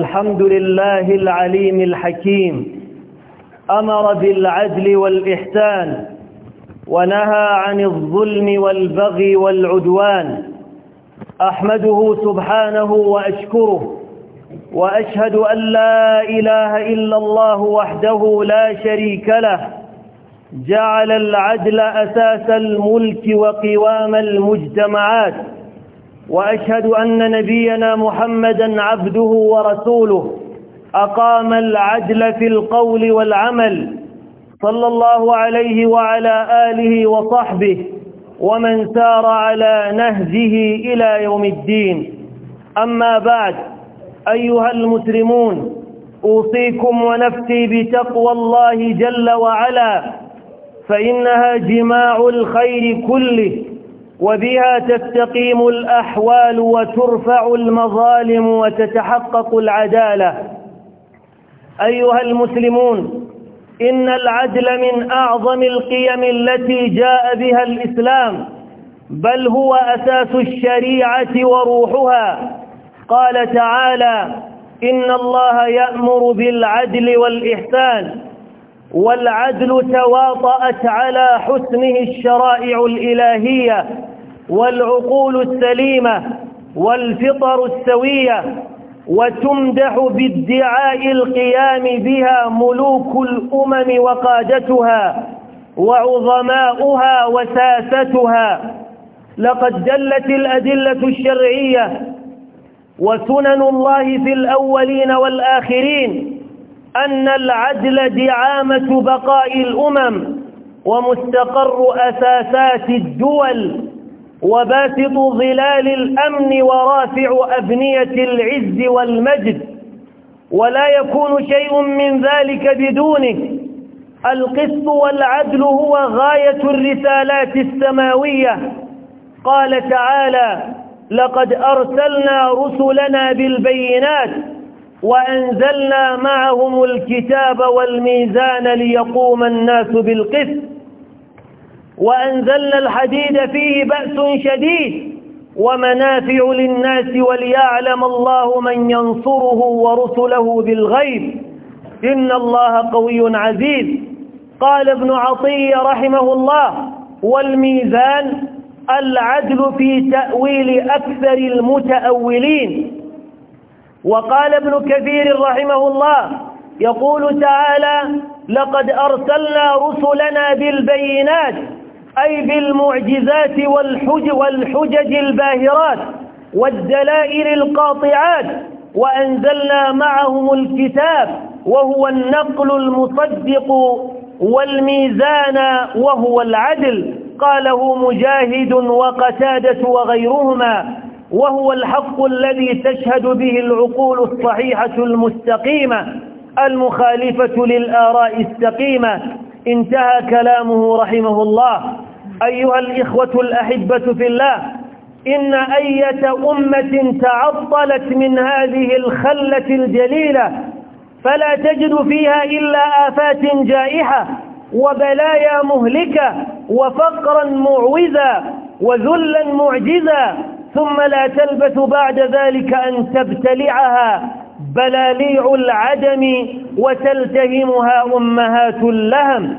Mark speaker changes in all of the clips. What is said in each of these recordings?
Speaker 1: الحمد لله العليم الحكيم أمر بالعدل والإحسان ونهى عن الظلم والبغي والعدوان أحمده سبحانه وأشكره وأشهد أن لا إله إلا الله وحده لا شريك له جعل العدل أساس الملك وقوام المجتمعات وأشهد أن نبينا محمدا عبده ورسوله أقام العدل في القول والعمل صلى الله عليه وعلى آله وصحبه ومن سار على نهجه إلى يوم الدين أما بعد أيها المسلمون أوصيكم ونفسي بتقوى الله جل وعلا فإنها جماع الخير كله وبها تستقيم الأحوال وترفع المظالم وتتحقق العدالة أيها المسلمون إن العدل من أعظم القيم التي جاء بها الإسلام بل هو أساس الشريعة وروحها قال تعالى إن الله يأمر بالعدل والإحسان والعدل تواطأت على حسنه الشرائع الإلهية والعقول السليمة والفطر السوية وتمدح بادعاء القيام بها ملوك الأمم وقادتها وعظماؤها وساستها لقد دلت الأدلة الشرعية وسنن الله في الأولين والآخرين أن العدل دعامة بقاء الأمم ومستقر أساسات الدول وباسط ظلال الأمن ورافع أبنية العز والمجد ولا يكون شيء من ذلك بدونه القسط والعدل هو غاية الرسالات السماوية قال تعالى لقد أرسلنا رسلنا بالبينات وأنزلنا معهم الكتاب والميزان ليقوم الناس بالقسط وأنزلنا الحديد فيه بأس شديد ومنافع للناس وليعلم الله من ينصره ورسله بالغيب إن الله قوي عزيز قال ابن عطية رحمه الله والميزان العدل في تأويل أكثر المتأولين وقال ابن كثير رحمه الله يقول تعالى لقد أرسلنا رسلنا بالبينات أي بالمعجزات والحج والحجج الباهرات والدلائل القاطعات وأنزلنا معهم الكتاب وهو النقل المصدق والميزان وهو العدل قاله مجاهد وقتادة وغيرهما وهو الحق الذي تشهد به العقول الصحيحة المستقيمة المخالفة للآراء السقيمة انتهى كلامه رحمه الله أيها الإخوة الأحبة في الله إن أية أمة تعطلت من هذه الخلة الجليلة فلا تجد فيها إلا آفات جائحة وبلايا مهلكة وفقرا معوزا وذلا معجزا ثم لا تلبث بعد ذلك أن تبتلعها بلاليع العدم وتلتهمها أمهات اللهم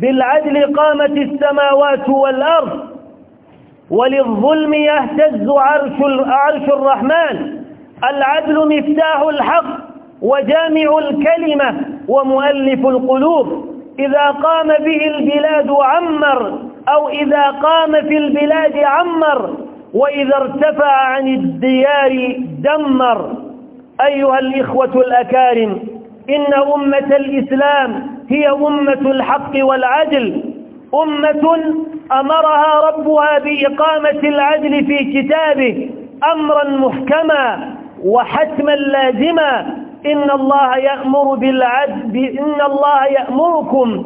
Speaker 1: بالعدل قامت السماوات والأرض وللظلم يهتز عرش, عرش الرحمن العدل مفتاح الحق وجامع الكلمة ومؤلف القلوب إذا قام به البلاد عمر أو إذا قام في البلاد عمر وإذا ارتفع عن الديار دمر أيها الإخوة الأكارم إن أمة الإسلام هي أمة الحق والعدل أمة أمرها ربها بإقامة العدل في كتابه أمرا محكما وحتما لازما إن الله يأمر بالعدل إن الله يأمركم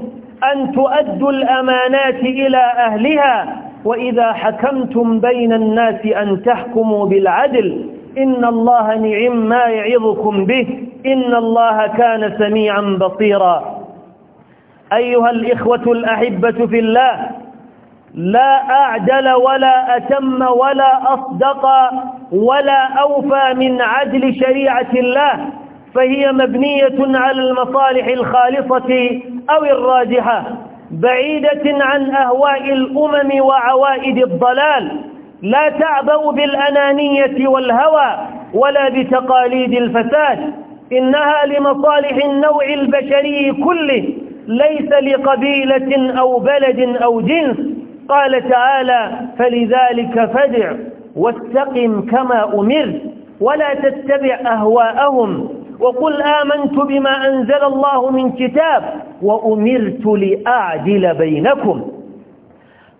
Speaker 1: أن تؤدوا الأمانات إلى أهلها وإذا حكمتم بين الناس أن تحكموا بالعدل إن الله نعم ما يعظكم به إن الله كان سميعا بصيرا أيها الإخوة الأحبة في الله لا أعدل ولا أتم ولا أصدق ولا أوفى من عدل شريعة الله فهي مبنية على المصالح الخالصة أو الراجحة بعيدة عن أهواء الأمم وعوائد الضلال لا تعبأ بالأنانية والهوى ولا بتقاليد الفساد إنها لمصالح النوع البشري كله ليس لقبيلة أو بلد أو جنس قال تعالى فلذلك فدع واستقم كما أمر ولا تتبع أهواءهم وقل آمنت بما أنزل الله من كتاب وأمرت لأعدل بينكم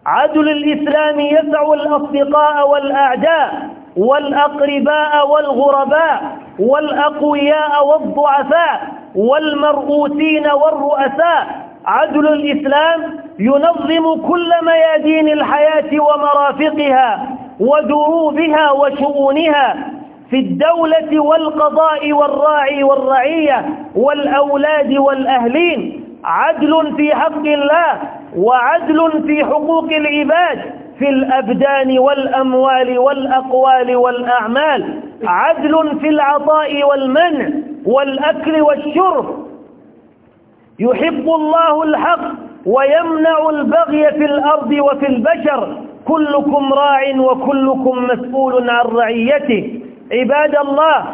Speaker 1: عدل الإسلام يسع الأصدقاء والأعداء والأقرباء والغرباء والأقوياء والضعفاء والمرؤوسين والرؤساء عدل الإسلام ينظم كل ميادين الحياة ومرافقها ودروبها وشؤونها في الدولة والقضاء والراعي والرعية والأولاد والأهلين عدل في حق الله وعدل في حقوق العباد في الأبدان والأموال والأقوال والأعمال عدل في العطاء والمنع والأكل والشرب يحب الله الحق ويمنع البغي في الأرض وفي البشر كلكم راع وكلكم مسؤول عن رعيته عباد الله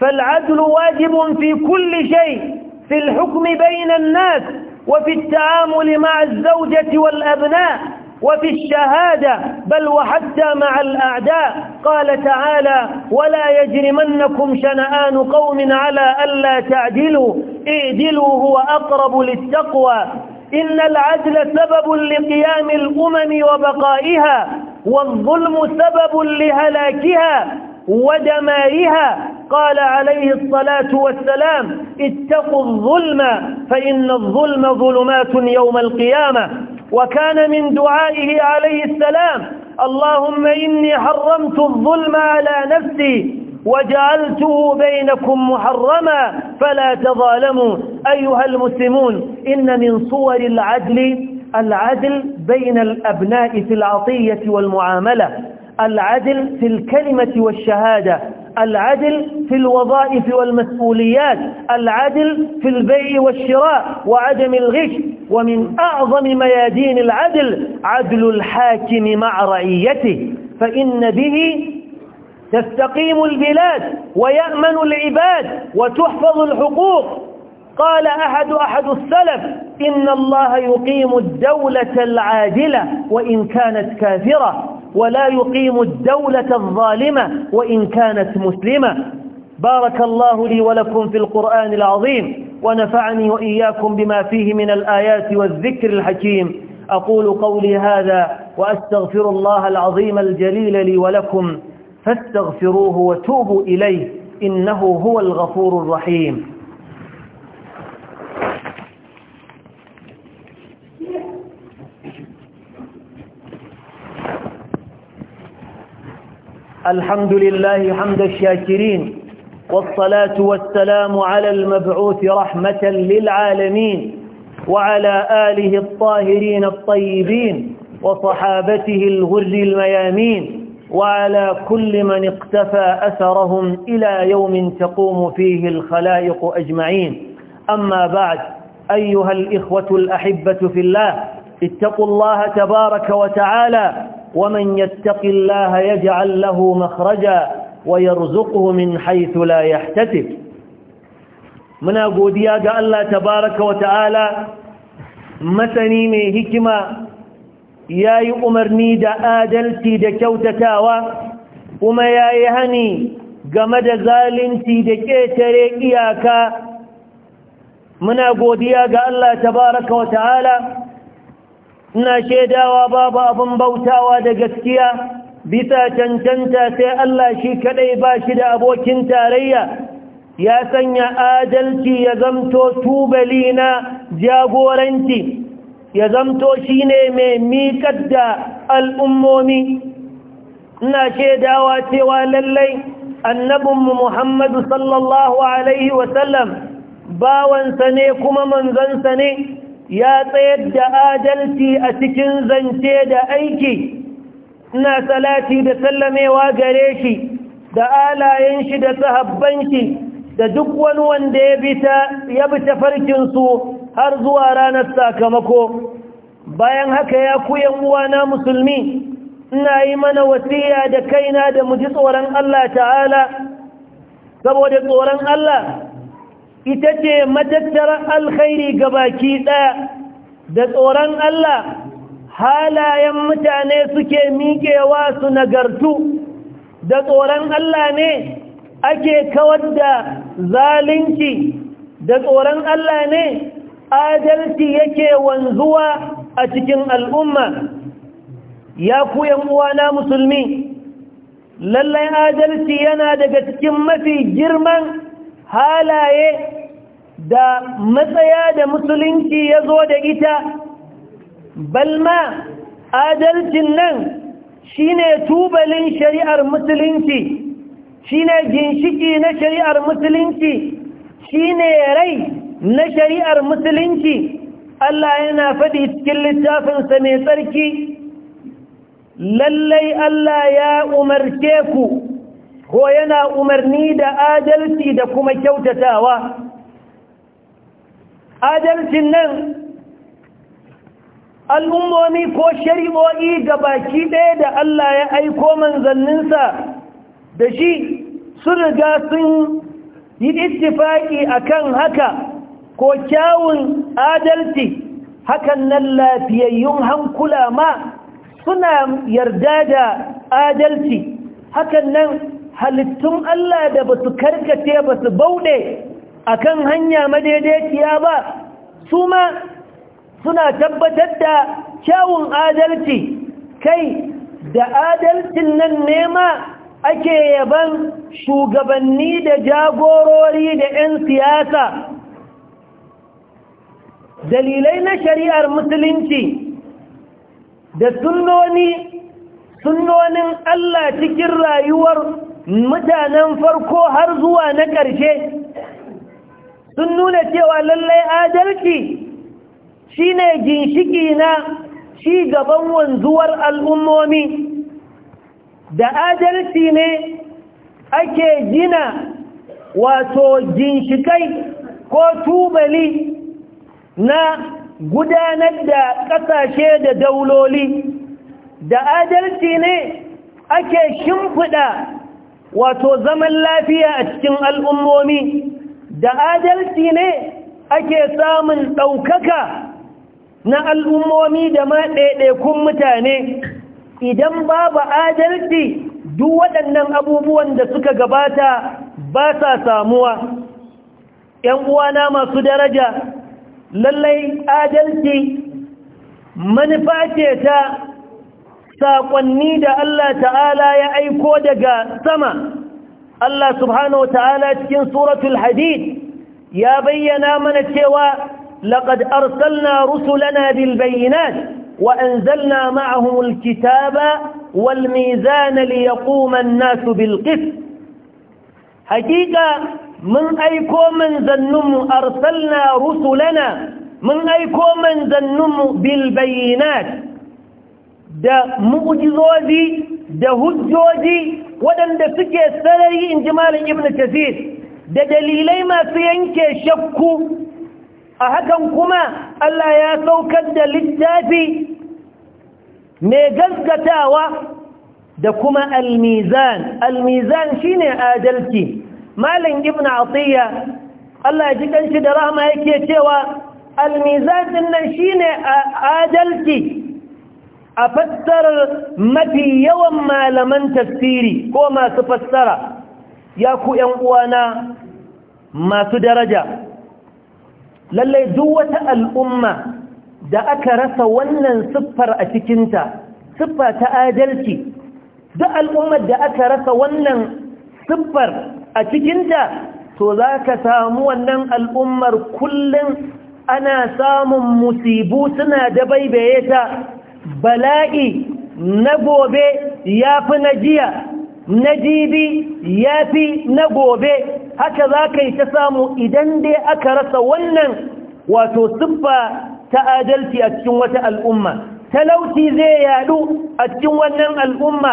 Speaker 1: فالعدل واجب في كل شيء في الحكم بين الناس وفي التعامل مع الزوجة والأبناء وفي الشهادة بل وحتى مع الأعداء قال تعالى ولا يجرمنكم شنآن قوم على ألا تعدلوا اعدلوا هو أقرب للتقوى إن العدل سبب لقيام الأمم وبقائها والظلم سبب لهلاكها ودمائها قال عليه الصلاة والسلام اتقوا الظلم فإن الظلم ظلمات يوم القيامة وكان من دعائه عليه السلام اللهم إني حرمت الظلم على نفسي وجعلته بينكم محرما فلا تظالموا أيها المسلمون إن من صور العدل العدل بين الأبناء في العطية والمعاملة العدل في الكلمة والشهادة العدل في الوظائف والمسؤوليات العدل في البيع والشراء وعدم الغش ومن أعظم ميادين العدل عدل الحاكم مع رعيته فإن به تستقيم البلاد ويأمن العباد وتحفظ الحقوق قال أحد أحد السلف إن الله يقيم الدولة العادلة وإن كانت كافرة ولا يقيم الدولة الظالمة وإن كانت مسلمة بارك الله لي ولكم في القرآن العظيم ونفعني وإياكم بما فيه من الآيات والذكر الحكيم أقول قولي هذا وأستغفر الله العظيم الجليل لي ولكم فاستغفروه وتوبوا إليه إنه هو الغفور الرحيم الحمد لله حمد الشاكرين والصلاة والسلام على المبعوث رحمة للعالمين وعلى آله الطاهرين الطيبين وصحابته الغر الميامين وعلى كل من اقتفى أثرهم إلى يوم تقوم فيه الخلائق أجمعين أما بعد أيها الإخوة الأحبة في الله اتقوا الله تبارك وتعالى ومن يتق الله يجعل له مخرجا ويرزقه من حيث لا يحتسب muna godiya ga Allah tabaraka wa ta'ala masani mai hikima ya yi umarni da adalci da kyautatawa kuma ya yi hani game da zalunci da ƙetare iyaka muna godiya ga Allah tabaraka wa ta'ala ina shaidawa babu abin bautawa da gaskiya bisa cancanta sai Allah shi kadai ba shi da abokin tarayya ya sanya adalci ya zamto tubali na jagoranci ya zamto shine mai miƙar da al'ummomi ina shaidawa cewa lallai annabinmu muhammadu sallallahu alaihi wasallam bawansa ne kuma manzansa ne ya tsayar da adalci a cikin zance da aiki ina salati da sallamewa gare shi da alayen shi da sahabban shi da duk wani wanda ya bi ta ya bi ta su har zuwa ranar sakamako bayan haka ya ku yan uwana musulmi ina yi mana wasiya da kaina da mu ji tsoron Allah ta'ala saboda tsoron Allah ita ce matattarar alkhairi ga baki ɗaya da tsoron Allah halayen mutane suke miƙewa su nagartu da tsoron Allah ne ake kawar da zalunci da tsoron Allah ne adalci yake wanzuwa a cikin al'umma ya ku uwana musulmi lallai adalci yana daga cikin mafi girman halaye da matsaya da musulunci ya zo da ita balma adalcin nan shine tubalin shari'ar musulunci shine ginshiki na shari'ar musulunci shine rai na shari'ar musulunci Allah yana faɗi cikin littafinsa mai tsarki lallai Allah ya umarce ku ko yana umarni da adalci da kuma kyautatawa adalcin nan al'ummomi ko shari'o'i ga baki ɗaya da Allah ya aiko manzanninsa da shi sun riga sun yi ittifaki akan haka ko kyawun adalci hakan nan lafiyayyun hankula ma suna yarda da adalci hakan nan halittun Allah da ba su karkace ba su bauɗe a kan hanya madaidaiciya ba su ma suna tabbatar da kyawun adalci kai da adalcin nan nema ake yaban shugabanni da jagorori da 'yan siyasa dalilai na shari'ar musulunci da sunnoni sunnonin Allah cikin rayuwar mutanen farko har zuwa na ƙarshe sun nuna cewa lallai adalci shine ginshiki na ci gaban wanzuwar al'ummomi da adalci ne ake gina wato ginshikai ko tubali na gudanar da ƙasashe da dauloli da adalci ne ake shimfiɗa wato zaman lafiya a cikin al'ummomi da adalci ne ake samun ɗaukaka na al'ummomi da ma kun mutane idan babu adalci duk waɗannan abubuwan da suka gabata ba sa samuwa ‘yan uwana masu daraja lallai adalci manufa ce ta saƙonni da Allah ta'ala ya aiko daga sama Allah subhanahu wa ta'ala cikin suratul hadid ya bayyana mana cewa laqad arsalna rusulana bil bayyinati وأنزلنا معهم الكتاب والميزان ليقوم الناس بالقسط حقيقة من أيكو من ذنم أرسلنا رسلنا من أيكو من ذنم بالبينات da mu'ujizozi da hujjoji waɗanda suke sarari in ji malin ibn kasir da dalilai masu yanke shakku a hakan kuma Allah ya saukar da littafi mai gaskatawa da kuma almizan almizan shine adalci malam ibn Asiya Allah ji kanshi da rahama yake cewa almizan din nan shine adalci a fassarar mafi yawan malaman tafsiri ko masu fassara ya ku ‘yan uwana masu daraja lallai duk wata al'umma da aka rasa wannan siffar a cikinta siffa ta adalci duk al'ummar da aka rasa wannan siffar a cikinta to za ka samu wannan al'ummar kullum ana samun musibu suna da ta bala'i na gobe ya fi na jiya na jibi ya fi na gobe haka za ka yi ta samu idan dai aka rasa wannan wato siffa ta adalci a cikin wata al'umma talauci zai yadu a cikin wannan al'umma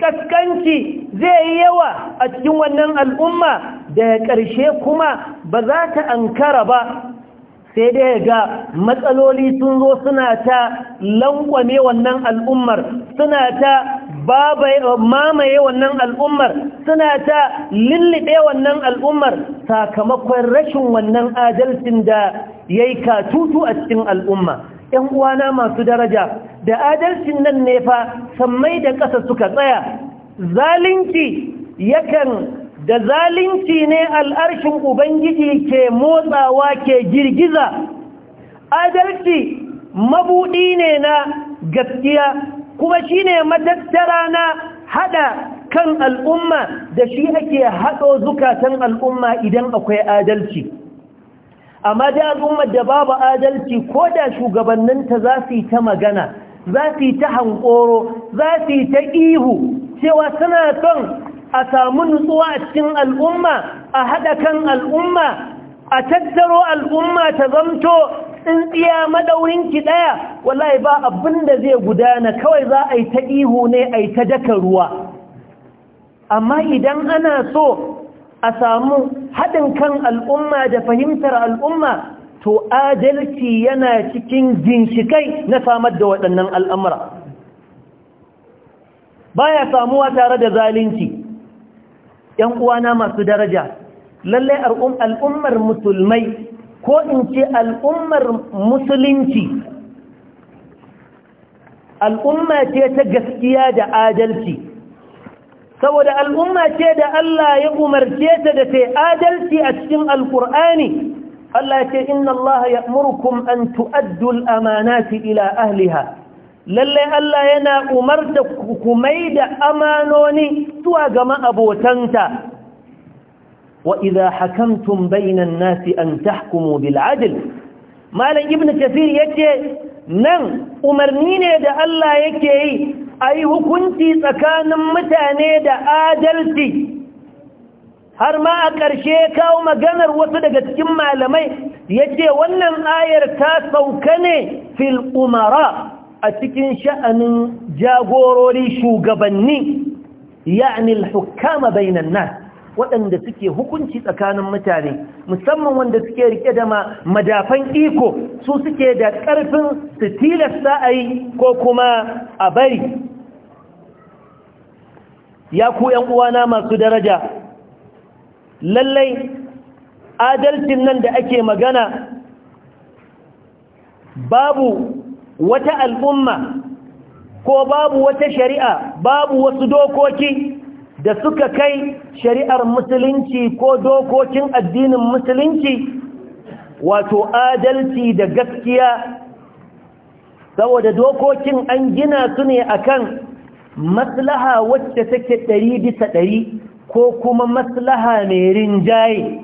Speaker 1: kaskanci zai yi yawa a cikin wannan al'umma da ƙarshe kuma ba za ta ankara ba sai dai ga matsaloli sun zo suna ta lankwame wannan al'ummar suna ta mamaye wannan al'ummar suna ta lullube wannan al'ummar sakamakon rashin wannan adalcin da ya yi katutu a cikin al'umma ‘yan uwana masu daraja da adalcin nan ne fa sammai da ƙasa suka tsaya zalunci yakan da zalunci ne al'arshin ubangiji ke motsawa ke girgiza adalci mabuɗi ne na gaskiya kuma shi ne matattara na haɗa kan al'umma da shi ake haɗo zukatan al'umma idan akwai adalci amma da al'ummar da babu adalci ko da shugabanninta za su yi ta magana za su yi ta hankoro za su yi ta ihu cewa suna son a samu nutsuwa a cikin al'umma a haɗa kan al'umma a tattaro al'umma ta zamto tsintsiya madaurin ki ɗaya wallahi ba abin da zai gudana kawai za a yi ta ihu ne a yi ta daka ruwa amma idan ana so a samu haɗin kan al'umma da fahimtar al'umma to adalci yana cikin ginshikai na samar da waɗannan al'amura baya samuwa tare da zalunci ‘yan uwana masu daraja lallai al'ummar musulmai ko in ce al'ummar musulunci al'umma ce ta gaskiya da adalci saboda al'umma ce da Allah ya umarce ta da ta adalci a cikin alƙur'ani Allah ce inna Allah ya murkum an tu'addul amanati ila ahliha lallai Allah yana umarta da mai da amanoni zuwa ga ma'abotanta wa idza hakamtum bainan nasi an tahkumu bil adl malam ibnu kathir yace nan umarni ne da Allah yake yi ayi hukunci tsakanin mutane da adalci har ma a ƙarshe kawo maganar wasu daga cikin malamai Yace, wannan ayar ta sauka ne fil umara a cikin sha'anin jagorori shugabanni ya'ni al-hukama bainan nas waɗanda suke hukunci tsakanin mutane musamman wanda suke rike da madafan iko su suke da ƙarfin su tilasta a yi ko kuma a bari ya ku ‘yan uwana masu daraja lallai adalcin nan da ake magana babu wata al'umma ko babu wata shari'a babu wasu dokoki da suka kai shari'ar musulunci ko dokokin addinin musulunci wato adalci da gaskiya saboda dokokin an gina su ne akan maslaha wacce take ɗari bisa ɗari ko kuma maslaha mai rinjaye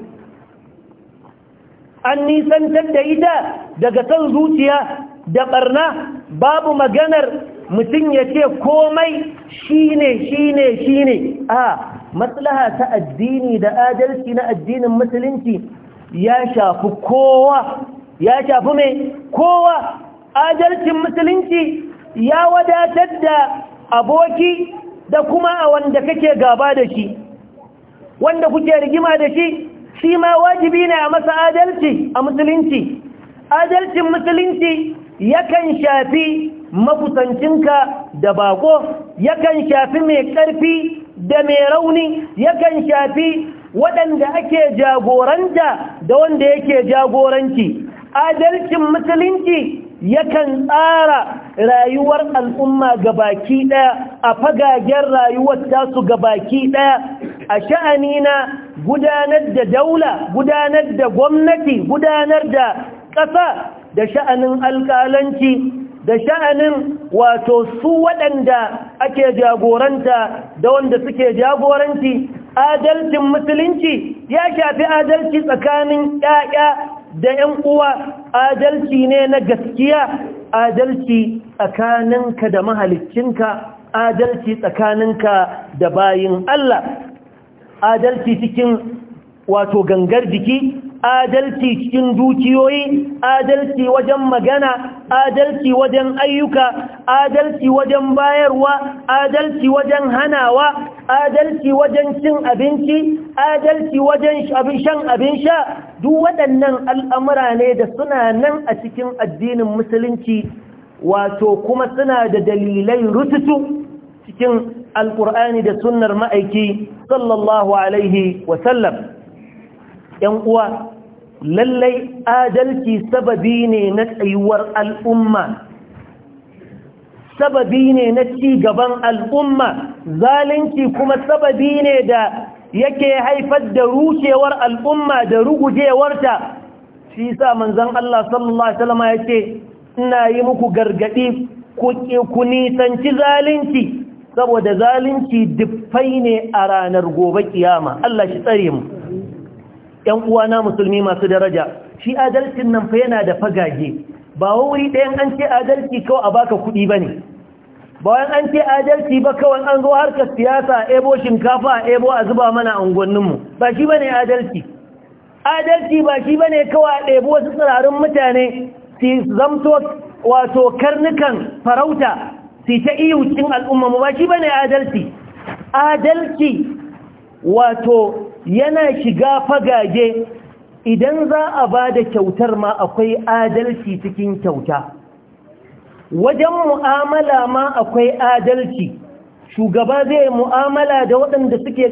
Speaker 1: an nisantar da ita daga san zuciya da barna babu maganar mutum ya ce komai shine shine shine a maslaha ta addini da adalci na addinin musulunci ya shafi kowa ya shafi mai kowa adalcin musulunci ya wadatar da aboki da kuma a wanda kake gaba da shi wanda kuke rigima da shi shi ma wajibi ne a masa adalci a musulunci adalcin musulunci yakan shafi makusancinka da bako yakan shafi mai ƙarfi da mai rauni yakan shafi waɗanda ake jagoranta da wanda yake jagoranci adalcin musulunci yakan tsara rayuwar al'umma ga baki ɗaya a fagagen rayuwar tasu ga baki ɗaya a sha'ani na gudanar da daula gudanar da gwamnati gudanar da ƙasa da sha'anin alƙalanci da sha'anin wato su waɗanda ake jagoranta da wanda suke jagoranci adalcin musulunci ya shafi adalci tsakanin ƴaƴa da ƴan uwa adalci ne na gaskiya adalci tsakaninka da mahaliccinka adalci tsakaninka da bayin Allah adalci cikin wato gangar jiki adalci cikin dukiyoyi adalci wajen magana adalci wajen ayyuka adalci wajen bayarwa adalci wajen hanawa adalci wajen cin abinci adalci wajen shan abin sha duk waɗannan al'amura ne da suna nan a cikin addinin musulunci wato kuma suna da dalilai rututu cikin alƙur'ani da sunnar ma'aiki sallallahu alaihi wasallam ‘yan uwa lallai adalci sababi ne na tsayuwar al'umma sababi ne na ci gaban al'umma zalunci kuma sababi ne da yake haifar da rushewar al'umma da rugujewarta shi sa manzan Allah sallallahu Alaihi wasallam ya ce ina yi muku gargaɗi ku nisanci zalunci saboda zalunci duffai ne a ranar gobe kiyama Allah shi tsare mu ‘yan uwana musulmi masu daraja shi adalcin nan fa yana da fagage ba wuri ɗayan an ce adalci kawai a baka kuɗi ba ne bayan an ce adalci ba kawai an zo harkar siyasa ebo shinkafa ebo a zuba mana unguwanninmu ba shi ba ne adalci adalci ba shi ba ne kawai a ɗebo wasu tsirarin mutane su zamto wato karnukan farauta su ta iya cikin al'umma ba shi ba ne adalci adalci wato yana shiga fagage idan za a ba da kyautar ma akwai adalci cikin kyauta wajen mu'amala ma akwai adalci shugaba zai mu'amala da waɗanda suke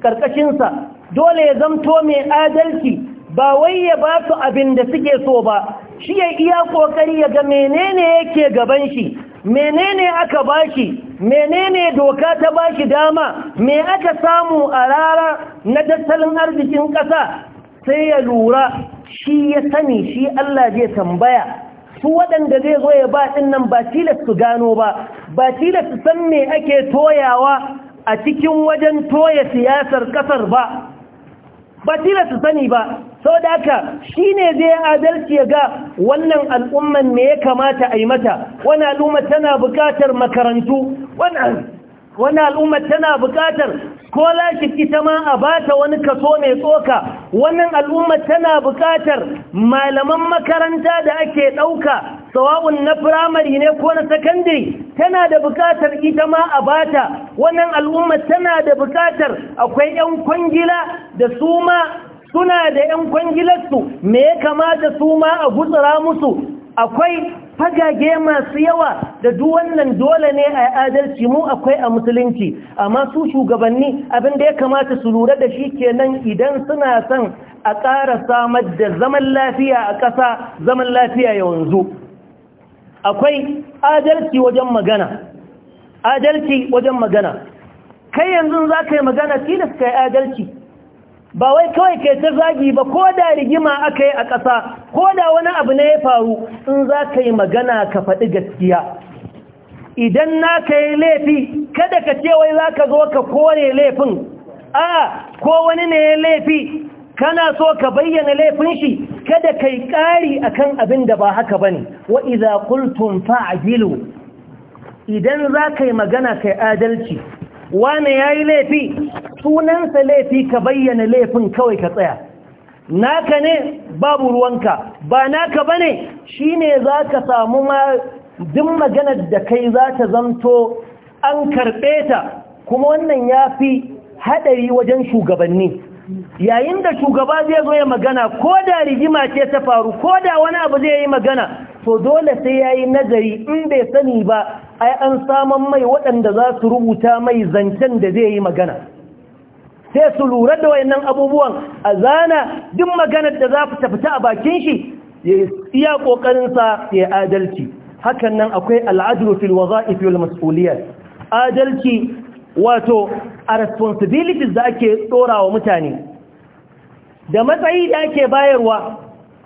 Speaker 1: ƙarƙashinsa dole ya zamto mai adalci ba wai ya ba su abin da suke so ba shi ya iya ƙoƙari ya ga menene yake gaban shi menene aka ba shi menene doka ta ba shi dama me aka samu a rara na tattalin arzikin ƙasa sai ya lura shi ya sani shi Allah zai tambaya su waɗanda zai zo ya ba nan ba tilas su gano ba ba tilas su san me ake toyawa a cikin wajen toya siyasar ƙasar ba ba tilas su sani ba sau da haka shi ne zai adalci ya ga wannan al'umman me ya kamata a yi mata wani al'umma tana bukatar makarantu wani al'umma tana buƙatar shi ita ma a bata wani kaso mai tsoka wannan al'umma tana buƙatar malaman makaranta da ake ɗauka sawa'un na firamare ne ko na sakandare tana da buƙatar ita ma a bata wannan al'umma tana da buƙatar akwai 'yan kwangila da su ma suna da 'yan kwangilarsu me ya kamata su ma a gutsura musu akwai fagage masu yawa da duk wannan dole ne a adalci mu akwai a musulunci amma su shugabanni abin da ya kamata su lura da shi kenan idan suna son a ƙara samar da zaman lafiya a ƙasa zaman lafiya yanzu akwai adalci wajen magana adalci wajen magana kai yanzu za ka yi magana tilas ka yi adalci ba wai kawai ke ta zagi ba ko da rigima aka yi a ƙasa ko da wani abu na ya faru in za ka yi magana ka faɗi gaskiya idan na ka yi laifi kada ka ce wai za ka zo ka kore laifin a ko wani ne ya laifi kana so ka bayyana laifin shi kada kai ƙari akan abin da ba haka bane wa idza qultum fa'dilu idan za ka yi magana kai adalci wane ya yi laifi sunansa laifi ka bayyana laifin kawai ka tsaya naka ne babu ruwanka ba naka ba ne shi ne za ka samu ma maganar da kai za ta zamto an karɓe ta kuma wannan ya fi haɗari wajen shugabanni yayin da shugaba zai zo ya magana ko da rigima ce ta faru ko da wani abu zai yi magana to dole sai ya yi nazari in bai sani ba ai an saman mai waɗanda za su rubuta mai zancen da zai yi magana sai su lura da wayannan abubuwan a zana duk maganar da za ta fita a bakin shi ya iya ƙoƙarinsa ya adalci hakan nan akwai al'adu fil waza'ifi wal mas'uliyat adalci wato a responsibilities da ake tsora wa mutane da matsayi da ake bayarwa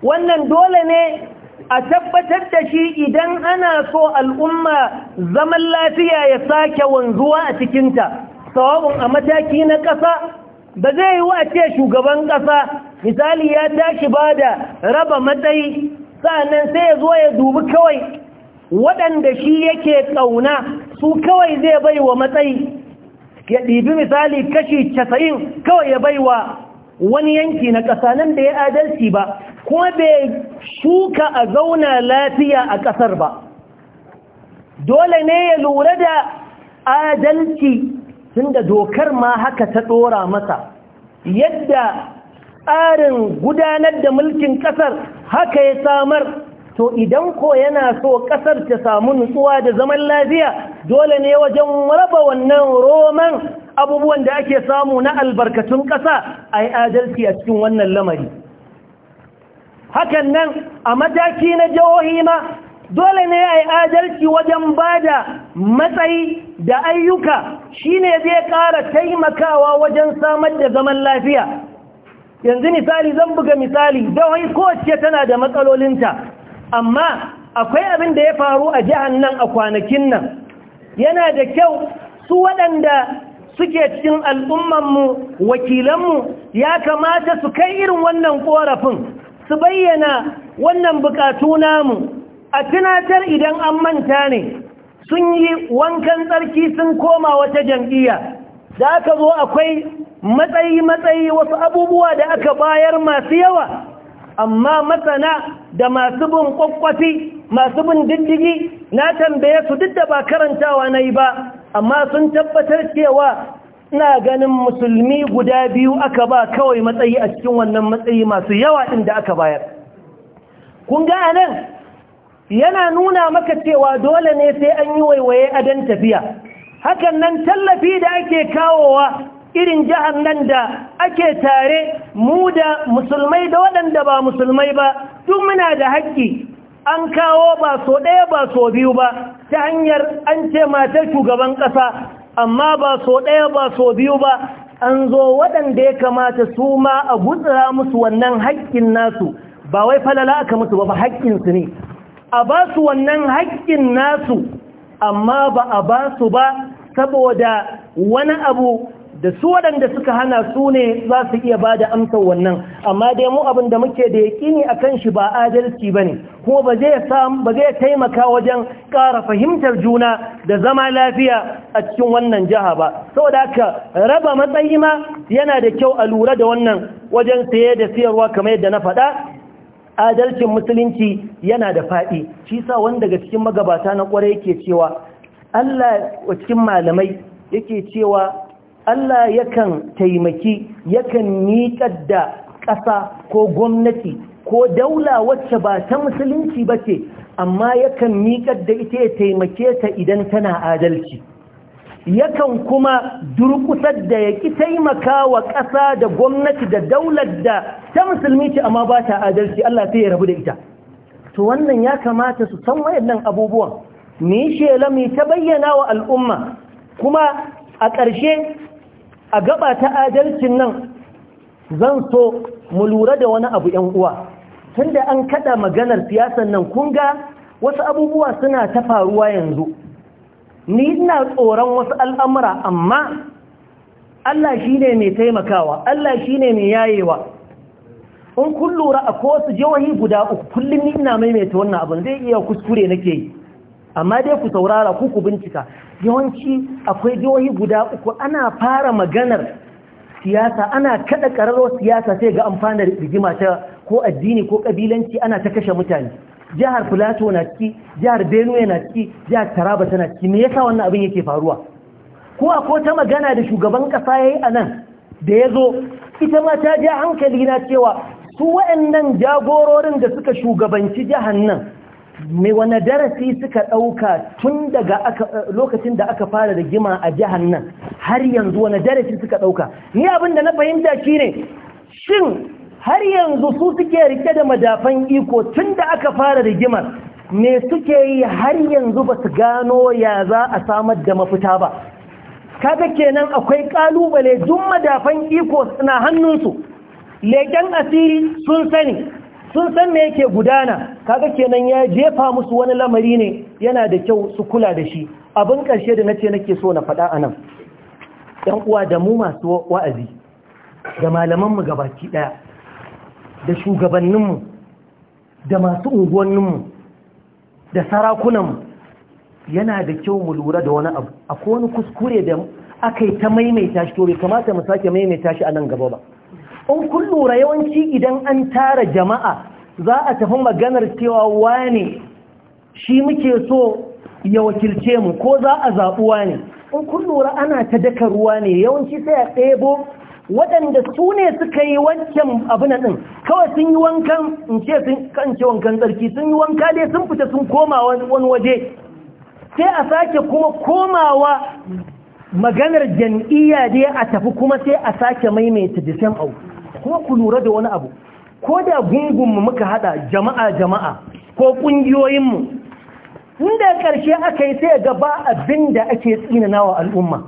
Speaker 1: wannan dole ne a tabbatar da shi idan ana so al'umma zaman lafiya ya sake wanzuwa a cikinta sawabin a mataki na ƙasa ba zai yi wa ce shugaban ƙasa misali ya tashi ba da raba matsayi sa'annan sai ya zo ya dubi kawai waɗanda shi yake ƙauna su kawai zai bai wa matsayi ya ɗibi misali kashi casa'in kawai ya bai wa wani yanki na ƙasa nan da ya adalci ba kuma bai shuka a zauna lafiya a ƙasar ba dole ne ya lura da adalci tun da dokar ma haka ta ɗora masa yadda tsarin gudanar da mulkin ƙasar haka ya samar to idan ko yana so ƙasar ta samu nutsuwa da zaman lafiya dole ne wajen raba wannan roman abubuwan da ake samu na albarkatun ƙasa a yi adalci a cikin wannan lamari hakan nan a mataki na jihohi ma dole ne a yi adalci wajen ba da matsayi da ayyuka shine zai ƙara taimakawa wajen samar da zaman lafiya yanzu misali zan buga misali jihohi kowace tana da matsalolinta amma akwai abin da ya faru a jihar nan a kwanakin nan yana da kyau su waɗanda suke cikin al'ummanmu wakilanmu ya kamata su kai irin wannan ƙorafin, su bayyana wannan bukatu namu a tunatar idan an manta ne sun yi wankan tsarki sun koma wata jam'iyya da aka zo akwai matsayi-matsayi wasu abubuwa da aka bayar masu yawa amma masana da masu bin kwakwafi masu bin diddigi na tambaye su duk da ba karantawa na yi ba amma sun tabbatar cewa ina ganin musulmi guda biyu aka ba kawai matsayi a cikin wannan matsayi masu yawa inda aka bayar kun ga anan yana nuna maka cewa dole ne sai an yi waiwaye dan tafiya hakan nan tallafi da ake kawowa irin jihar nan da ake tare mu da musulmai da waɗanda ba musulmai ba duk muna da haƙƙi an kawo ba so ɗaya ba so biyu ba ta hanyar an ce matar shugaban ƙasa amma ba so ɗaya ba so biyu ba an zo waɗanda ya kamata su ma a gutsura musu wannan haƙƙin nasu ba wai falala aka musu ba ba haƙƙinsu ne a ba su wannan haƙƙin nasu amma ba a ba su ba saboda wani abu da su waɗanda suka hana su ne za su iya ba da amsar wannan amma dai mu abin da muke da yaƙini a kan shi ba adalci ba ne kuma ba zai taimaka wajen ƙara fahimtar juna da zama lafiya a cikin wannan jiha ba Sau da aka raba matsayi ma yana da kyau a lura da wannan wajen saye da siyarwa kamar yadda na faɗa adalcin musulunci yana da faɗi shi sa wani daga cikin magabata na ƙwarai yake cewa Allah cikin malamai yake cewa Allah yakan taimaki yakan miƙar da ƙasa ko gwamnati ko daula wacce ba ta musulunci ba ce amma yakan miƙar da ita ya taimake ta idan tana adalci yakan kuma durƙusar da ya ƙi taimaka wa ƙasa da gwamnati da daular da ta musulmi amma ba ta adalci Allah sai ya rabu da ita to wannan ya kamata su san wayannan abubuwan me shela me ta bayyana wa al'umma kuma a ƙarshe a gaba ta adalcin nan zan so mu lura da wani abu ‘yan uwa tunda an kada maganar siyasan nan kun ga wasu abubuwa suna ta faruwa yanzu ni ina tsoron wasu al'amura amma Allah shi ne mai taimakawa Allah shi ne mai yayewa in kun lura a kowasu jihohi guda uku kullum ni ina maimaita wannan abin zai iya kuskure nake yi amma dai ku saurara ku ku bincika yawanci akwai jihohi guda uku ana fara maganar siyasa ana kada kararwar siyasa sai ga amfanar rigima ta ko addini ko kabilanci ana ta kashe mutane jihar plateau na ciki jihar benue na ciki jihar taraba tana ciki me yasa wannan abin yake faruwa ko akwai ta magana da shugaban kasa yayi anan da ya zo ita ma ta ja hankali na cewa su waɗannan jagororin da suka shugabanci jihar nan me wani darasi suka ɗauka tun daga lokacin da aka fara da gima a jihar nan har yanzu wani darasi suka ɗauka ni abin da na fahimta shi ne shin har yanzu su suke rike da madafan iko tun da aka fara da gima me suke yi har yanzu ba su gano ya za a samar da mafita ba kaga kenan akwai kalubale duk madafan iko na hannunsu leken asiri sun sani sun san me yake gudana kaga kenan ya jefa musu wani lamari ne yana da kyau su kula da shi abin ƙarshe da nace nake so na faɗa anan ɗan uwa da mu masu wa'azi da malamanmu gabaki ɗaya da shugabanninmu da masu unguwanninmu da sarakunanmu yana da kyau mu lura da wani abu akwai wani kuskure da aka yi ta maimaita shi to bai kamata mu sake maimaita shi a nan gaba ba in kun lura yawanci idan an tara jama'a za a tafi maganar cewa wane shi muke so ya wakilce mu ko za a zaɓi wane in kun lura ana ta daka ruwa ne yawanci sai a ɗebo waɗanda su ne suka yi wancan abu na ɗin kawai sun yi wankan in ce sun kance wankan tsarki sun yi wanka dai sun fita sun koma wani waje sai a sake kuma komawa maganar jam'iyya dai a tafi kuma sai a sake maimaita the same abu Ko ku lura da wani abu ko da gungunmu muka hada jama'a jama'a ko kungiyoyinmu inda karshe aka yi sai ga ba abin da ake tsinanawa al'umma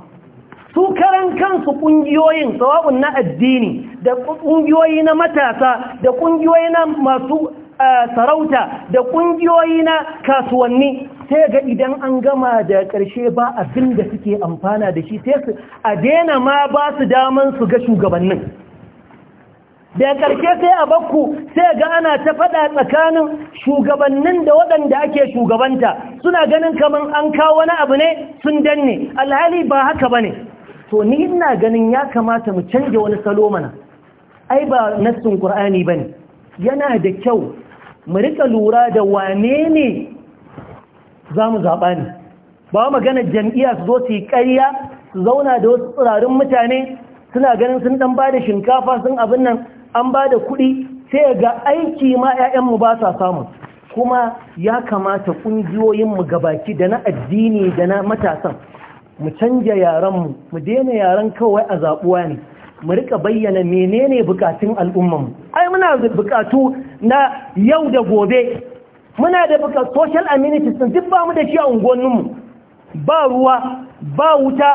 Speaker 1: su karan kansu kungiyoyin sawa'un na addini da kungiyoyi na matasa da kungiyoyi na masu sarauta da kungiyoyi na kasuwanni sai ga idan an gama da karshe ba abin da suke amfana da shi sai su a daina ma ba su daman su ga shugabannin da karshe sai a bakku sai ga ana ta fada tsakanin shugabannin da waɗanda ake shugabanta suna ganin kaman an kawo wani abu ne sun danne alhali ba haka bane to ni ina ganin ya kamata mu canje wani salo mana ai ba nassin qur'ani bane yana da kyau mu rika lura da wane ne zamu zaba ne ba magana jam'iyya su zo su yi ƙarya su zauna da wasu tsirarin mutane suna ganin sun dan bada shinkafa sun abin nan an ba da kuɗi sai ga aiki ma 'ya'yanmu ba sa samu kuma ya kamata ƙungiyoyinmu gabaki da na addini da na matasan mu canja yarenmu, mu daina yaren kawai a zaɓuwa ne mu rika bayyana menene bukatun al'ummanmu ai muna da bukatu na yau da gobe muna da bukatu social amenities din duk mu da shi a unguwanninmu ba ruwa ba wuta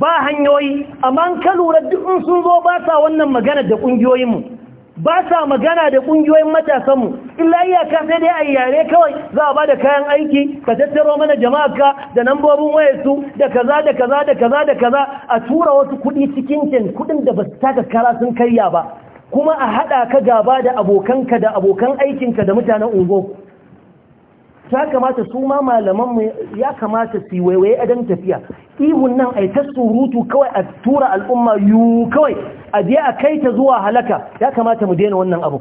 Speaker 1: ba hanyoyi amma ka lura duk sun zo ba sa wannan magana da ƙungiyoyinmu ba sa magana da ƙungiyoyin matasanmu illa iyaka sai dai a yare kawai za a ba da kayan aiki ka tattaro mana jama'arka da nambobin wayarsu da kaza da kaza da kaza da kaza a tura wasu kuɗi cikin kin kuɗin da ba su taka kara sun karya ba kuma a haɗa ka gaba da abokanka da abokan aikinka da mutanen unguwa ya kamata su ma malaman mu ya kamata su waiwaye adam tafiya ihun nan ai ta surutu kawai a tura al'umma yu kawai a je a kai ta zuwa halaka ya kamata mu daina wannan abu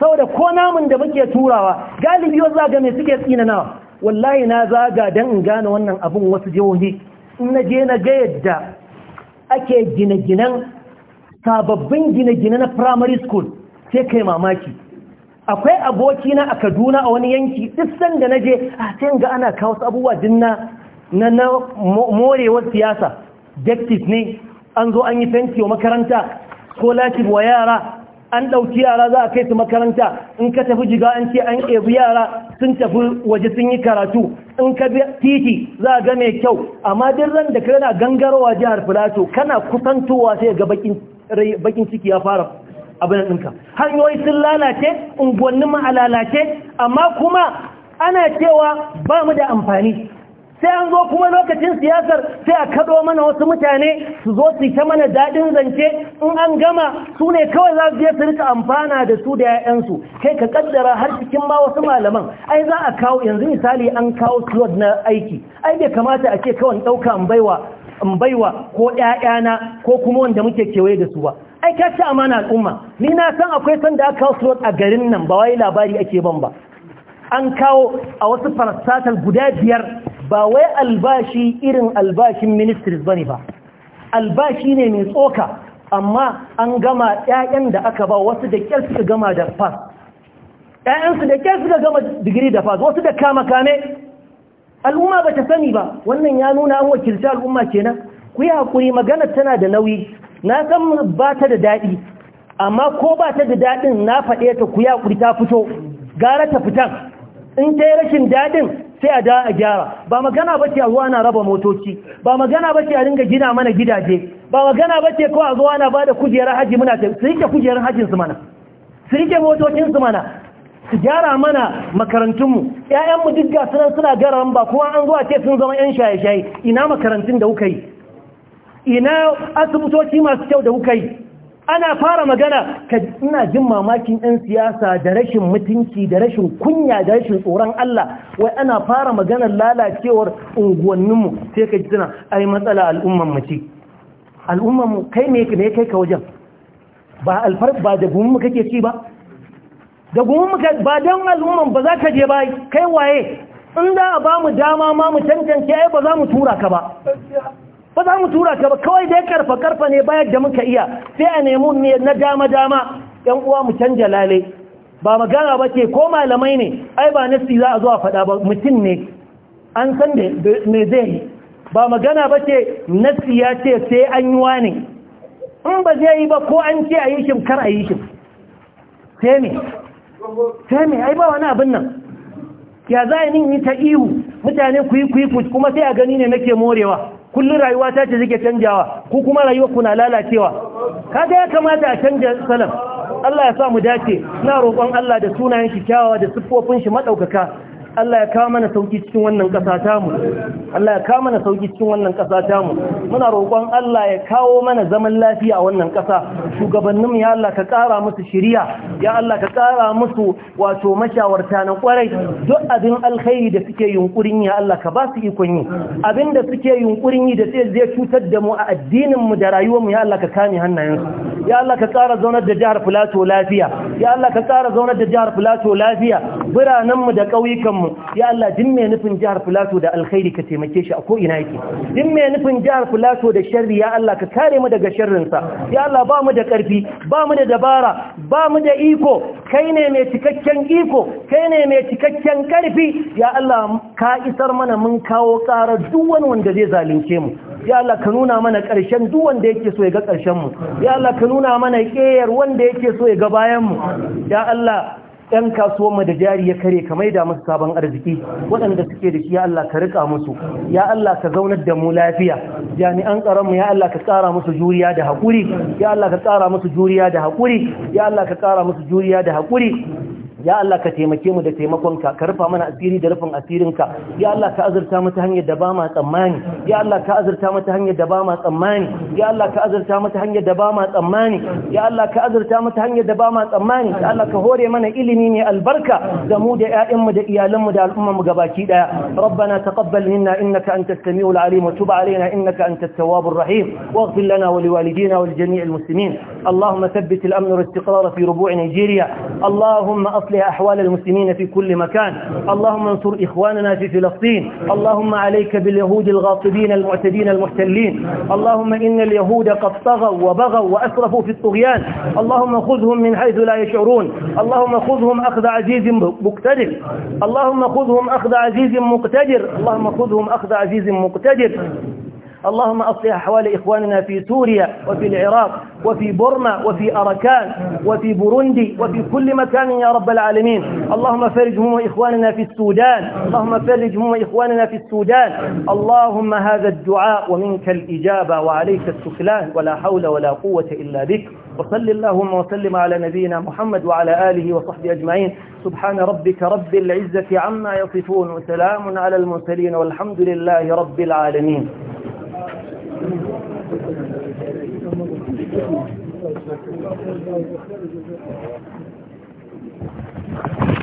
Speaker 1: saboda ko namun da muke turawa galibi wasu zaga mai suke tsinanawa wallahi na zaga dan in gane wannan abun wasu jihohi in na je na ga yadda ake gine-ginen sababbin gine-gine na primary school sai kai mamaki akwai abokina a kaduna a wani yanki duk sanda na je a sai ga ana kawo abubuwa dinna na na morewar siyasa dektis ne an zo an yi fenti wa makaranta ko latif wa yara an ɗauki yara za a kai su makaranta in ka tafi jiga an ce an ebi yara sun tafi waje sun yi karatu in ka bi titi za a ga mai kyau amma duk ran da kana gangarowa jihar filato kana kusantowa sai ga bakin ciki ya fara abin ɗinka hanyoyi sun lalace unguwannin ma a lalace amma kuma ana cewa ba mu da amfani sai an zo kuma lokacin siyasar sai a kaɗo mana wasu mutane su zo su ta mana daɗin zance in an gama su ne kawai za su je su rika amfana da su da 'ya'yansu kai ka kaddara har cikin ma wasu malaman ai za a kawo yanzu misali an kawo slot na aiki ai bai kamata a ce kawai ɗauka in baiwa ko 'ya'yana ko kuma wanda muke kewaye da su ba ai ka ci amana al'umma ni na san akwai sanda aka kawo a garin nan ba wai labari ake ban ba an kawo a wasu farsatal guda biyar ba wai albashi irin albashin ministries bane ba albashi ne mai tsoka amma an gama ƴaƴan da aka ba wasu da kyar suka gama da pass su da kyar suka gama digiri da pass wasu da kama kame al'umma ba ta sani ba wannan ya nuna an wakilci al'umma kenan ku yi haƙuri magana tana da nauyi na san ba ta da daɗi amma ko ba ta da daɗin na faɗe ta ku yaƙuri ta fito gara ta fitan in ta yi rashin daɗin sai a da a gyara ba magana ba ce a zuwa na raba motoci ba magana ba ce a dinga gina mana gidaje ba magana ba ce ko a zuwa na ba kujerar haji muna ta su rike kujerar hajin su mana su rike motocin su mana su gyara mana makarantunmu ƴaƴanmu duk ga sunan suna gara ba kuma an zuwa ce sun zama ƴan shaye-shaye ina makarantun da kuka yi ina asibitoci masu kyau da kuka yi ana fara magana ka ina jin mamakin 'yan siyasa da rashin mutunci da rashin kunya da rashin tsoron Allah wai ana fara maganar lalacewar unguwanninmu sai ka ji tana ai matsala al'umman mu ce al'umman mu kai me ne kai ka wajen ba alfar ba da gumin mu kake ci ba da gumin ba don al'umman ba za ka je ba kai waye in za a ba mu dama ma mu cancanci, ai ba za mu tura ka ba ba za mu tura ka ba kawai dai karfa karfa ne bayan da muka iya sai a nemi ne na dama dama yan uwa mu canja lalai ba magana ba ce ko malamai ne ai ba nasi za a zo a faɗa ba mutum ne an san me zai yi ba magana ba ce nasi ya ce sai an yi wani in ba zai yi ba ko an ce a yi shi kar a yi shi sai me sai me ai ba wani abin nan ya za a yi ta ihu mutane ku yi ku yi kuma sai a gani ne nake morewa Kullum rayuwa ta ce zike canjawa ku kuma rayuwa kuna lalacewa kaga ya kamata a canja salam Allah ya sa mu dace ina roƙon Allah da sunayen shi kyawawa da siffofin shi madaukaka Allah ya kawo mana sauki cikin wannan ƙasa Allah ya kawo mana sauki cikin wannan ƙasa mu, muna roƙon Allah ya kawo mana zaman lafiya a wannan ƙasa shugabannin ya Allah ka ƙara musu shiriya ya Allah ka ƙara musu wato mashawarta na ƙwarai duk abin alkhairi da suke yunkurin ya Allah ka ba su ikon yi abin da suke yunkurin yi da zai cutar da mu a addinin mu da rayuwar mu ya Allah ka kame hannayensu ya Allah ka ƙara zaunar da jihar Filato lafiya ya Allah ka ƙara zaunar da jihar Filato lafiya biranenmu da ƙauyukanmu mu ya Allah din mai nufin jihar Filato da alkhairi ka taimake shi a ko ina yake din mai nufin jihar Filato da sharri ya Allah ka kare mu daga sharrin sa ya Allah ba mu da karfi ba mu da dabara ba mu da iko kai ne mai cikakken iko kai ne mai cikakken karfi ya Allah ka isar mana mun kawo ƙarar duk wanda zai zalunce mu ya Allah ka nuna mana karshen duk wanda yake so ya ga ƙarshen mu ya Allah ka nuna mana ƙeyar wanda yake so ya ga bayan mu ya Allah ɗan kasuwanmu da jari ya kare ka maida musu sabon arziki waɗanda suke da shi ya Allah ka rika musu ya Allah ka zaunar da mu lafiya jami'an tsaronmu ya Allah ka ƙara musu juriya da haƙuri ya Allah ka ƙara musu juriya da haƙuri ya Allah ka ƙara musu juriya da haƙuri ya Allah ka taimake mu da taimakonka ka rufa mana asiri da rufin asirinka ya Allah ka azurta mu ta hanyar da ba ma tsammani ya Allah ka azurta mu ta hanyar da ba ma tsammani ya Allah ka azurta mu ta hanyar da ba ma tsammani ya Allah ka azurta mu ta hanyar da ba ma tsammani ya Allah ka hore mana ilimi mai albarka da mu da ƴaƴan mu da iyalan mu da al'umma mu gabaki daya rabbana taqabbal minna innaka antas samiul alim wa tub alaina innaka antat tawwabur rahim waghfir lana wa liwalidina wal jami'il muslimin اللهم ثبت الأمن والاستقرار في ربوع نيجيريا اللهم أصلح أحوال المسلمين في كل مكان اللهم انصر إخواننا في فلسطين اللهم عليك باليهود الغاصبين المعتدين المحتلين اللهم إن اليهود قد طغوا وبغوا وأسرفوا في الطغيان اللهم خذهم من حيث لا يشعرون اللهم خذهم أخذ عزيز مقتدر اللهم خذهم أخذ عزيز مقتدر اللهم خذهم أخذ عزيز مقتدر اللهم أصلح أحوال إخواننا في سوريا وفي العراق وفي بورما وفي أركان وفي بوروندي وفي كل مكان يا رب العالمين اللهم فرج هم إخواننا في السودان اللهم فرج هم إخواننا في السودان اللهم هذا الدعاء ومنك الإجابة وعليك السكلان ولا حول ولا قوة إلا بك وصل اللهم وسلم على نبينا محمد وعلى آله وصحبه أجمعين سبحان ربك رب العزة عما يصفون وسلام على المرسلين والحمد لله رب العالمين Thank you.